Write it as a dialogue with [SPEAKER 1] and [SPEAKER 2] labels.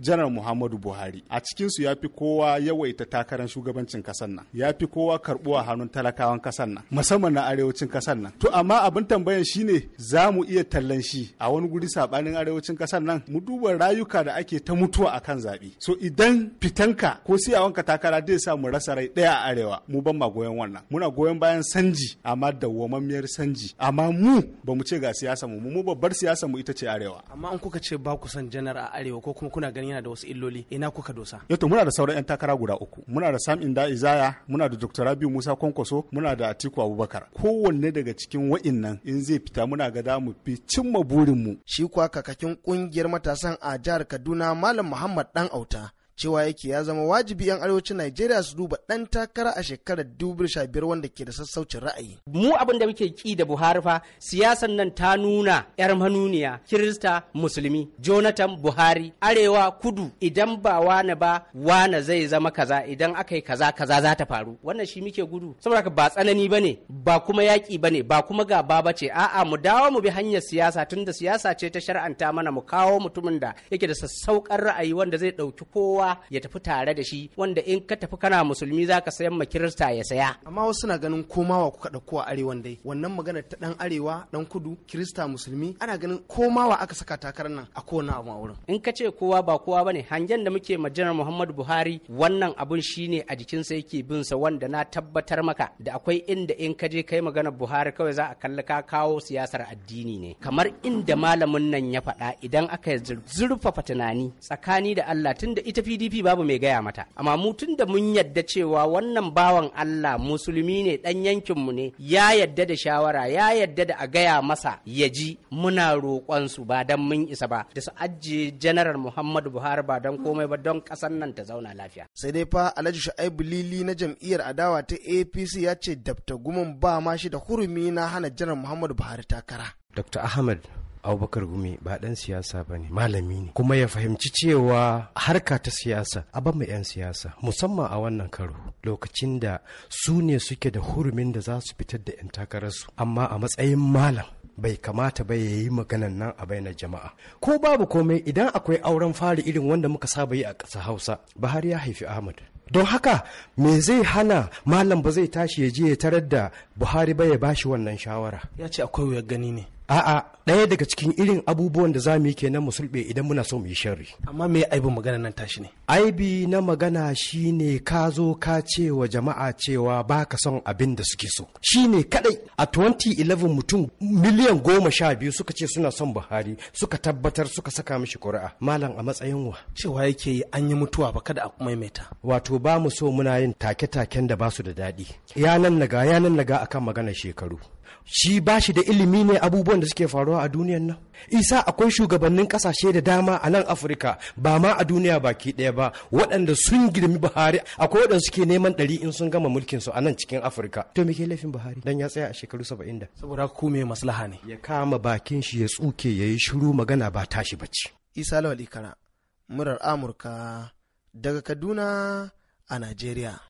[SPEAKER 1] janar muhammadu buhari a cikinsu ya fi kowa yawaita takarar shugabancin kasar nan ya fi kowa karbuwa hannun talakawan kasar nan musamman na arewacin kasar nan to amma abin tambayan shine za mu iya tallan shi a wani guri sabanin arewacin kasar nan mu duba rayuka da ake ta mutuwa akan zaɓe so idan fitanka ko siyawanka takara zai sa mu rasa rai ɗaya a arewa mu ban ma goyon wannan muna goyon bayan sanji amma dawwamammiyar sanji amma mu ba mu ce ga siyasa mu mu babbar siyasa mu ita ce arewa
[SPEAKER 2] amma an kuka ce ba ku son janar a arewa ko kuma kuna ganin ganin yana da wasu illoli ina kuka dosa
[SPEAKER 1] yato eh muna da sauran yan takara guda uku muna da sam inda izaya muna da dr rabiu musa kwankwaso muna da atiku abubakar kowanne daga cikin wa'innan in zai fita muna ga za mu fi cimma burinmu shi kuwa kakakin kungiyar matasan a jihar kaduna malam
[SPEAKER 2] muhammad dan auta cewa yake ya zama wajibi 'yan arewacin Najeriya su duba ɗan takara a shekarar
[SPEAKER 3] 2015 wanda ke da sassaucin ra'ayi. Mu abin da muke ki da Buhari fa siyasan nan ta nuna 'yar manuniya Kirista Musulmi Jonathan Buhari Arewa Kudu idan ba wane ba wane zai zama kaza idan aka yi kaza kaza za ta faru wannan shi muke gudu saboda ka ba tsanani bane ba kuma yaƙi bane ba kuma gaba bace a'a mu dawo mu bi hanyar siyasa tunda siyasa ce ta shar'anta mana mu kawo mutumin da yake da sassaukar ra'ayi wanda zai ɗauki kowa kowa ya tafi tare da shi wanda in ka tafi kana musulmi za ka sayan ma kirista ya saya
[SPEAKER 2] amma wasu na ganin komawa kuka ɗauko a arewan dai wannan magana ta ɗan arewa ɗan kudu kirista musulmi ana ganin komawa aka saka takarar nan a kowane abu a
[SPEAKER 3] wurin in ka ce kowa ba kowa ba ne hangen da muke ma janar muhammadu buhari wannan abun shi ne a jikinsa yake bin sa wanda na tabbatar maka da akwai inda in ka je kai magana buhari kawai za a kalli ka kawo siyasar addini ne kamar inda malamin nan ya faɗa idan aka zurfafa tunani tsakani da allah tun da ita fi pdp babu mai gaya mata amma mu tun da mun yadda cewa wannan bawan allah musulmi ne dan yankinmu ne ya yadda da shawara ya yadda da a gaya masa ya ji muna roƙon su ba dan mun isa ba da su ajiye janaral muhammadu buhari ba don komai ba don ƙasar nan ta zauna lafiya sai dai fa alhaji shu'aibu lili na jam'iyyar adawa ta
[SPEAKER 2] apc ya ce dabta gumin ba ma shi da hurumi na hana janar muhammadu buhari takara
[SPEAKER 4] dr ahmad abubakar gumi ba dan siyasa ba ne malami ne kuma ya fahimci cewa harka ta siyasa a ban 'yan siyasa musamman a wannan karo lokacin da su ne suke da hurumin da za su fitar da 'yan takararsu amma a matsayin malam bai kamata ba ya yi maganan nan a bainar jama'a ko babu komai idan akwai auren fari irin wanda muka saba yi a ƙasa hausa buhari ya haifi ahmad don haka me zai hana malam ba zai tashi ya je ya tarar da buhari ba ya bashi wannan shawara ya ce akwai wuyar gani ne a'a ɗaya daga cikin irin abubuwan da za mu yi kenan mu sulɓe idan muna so mu yi sharri amma me aibin
[SPEAKER 2] magana nan tashi ne
[SPEAKER 4] aibi na magana shine ka zo ka ce wa jama'a cewa ba ka son abin da suke so shine kadai a 2011 mutum miliyan goma sha biyu suka ce suna son buhari suka tabbatar suka saka mishi ƙuri'a malam a matsayin wa cewa yake yi an yi mutuwa ba kada a maimaita wato ba mu so muna yin take-taken da ba su da daɗi yanan naga yanan naga akan magana shekaru shi ba shi da ilimi ne abubuwan da suke faruwa a duniyan nan isa akwai shugabannin kasashe da dama a nan afirka ba ma a duniya baki ɗaya ba waɗanda sun girmi buhari akwai waɗanda suke neman ɗari in sun gama mulkin su a nan cikin afirka to me ke laifin buhari dan ya tsaya a shekaru saba'in da saboda ku me maslaha ne ya kama bakin shi ya tsuke ya yi shiru magana ba tashi bacci
[SPEAKER 2] isa lawal ikara murar amurka daga kaduna a najeriya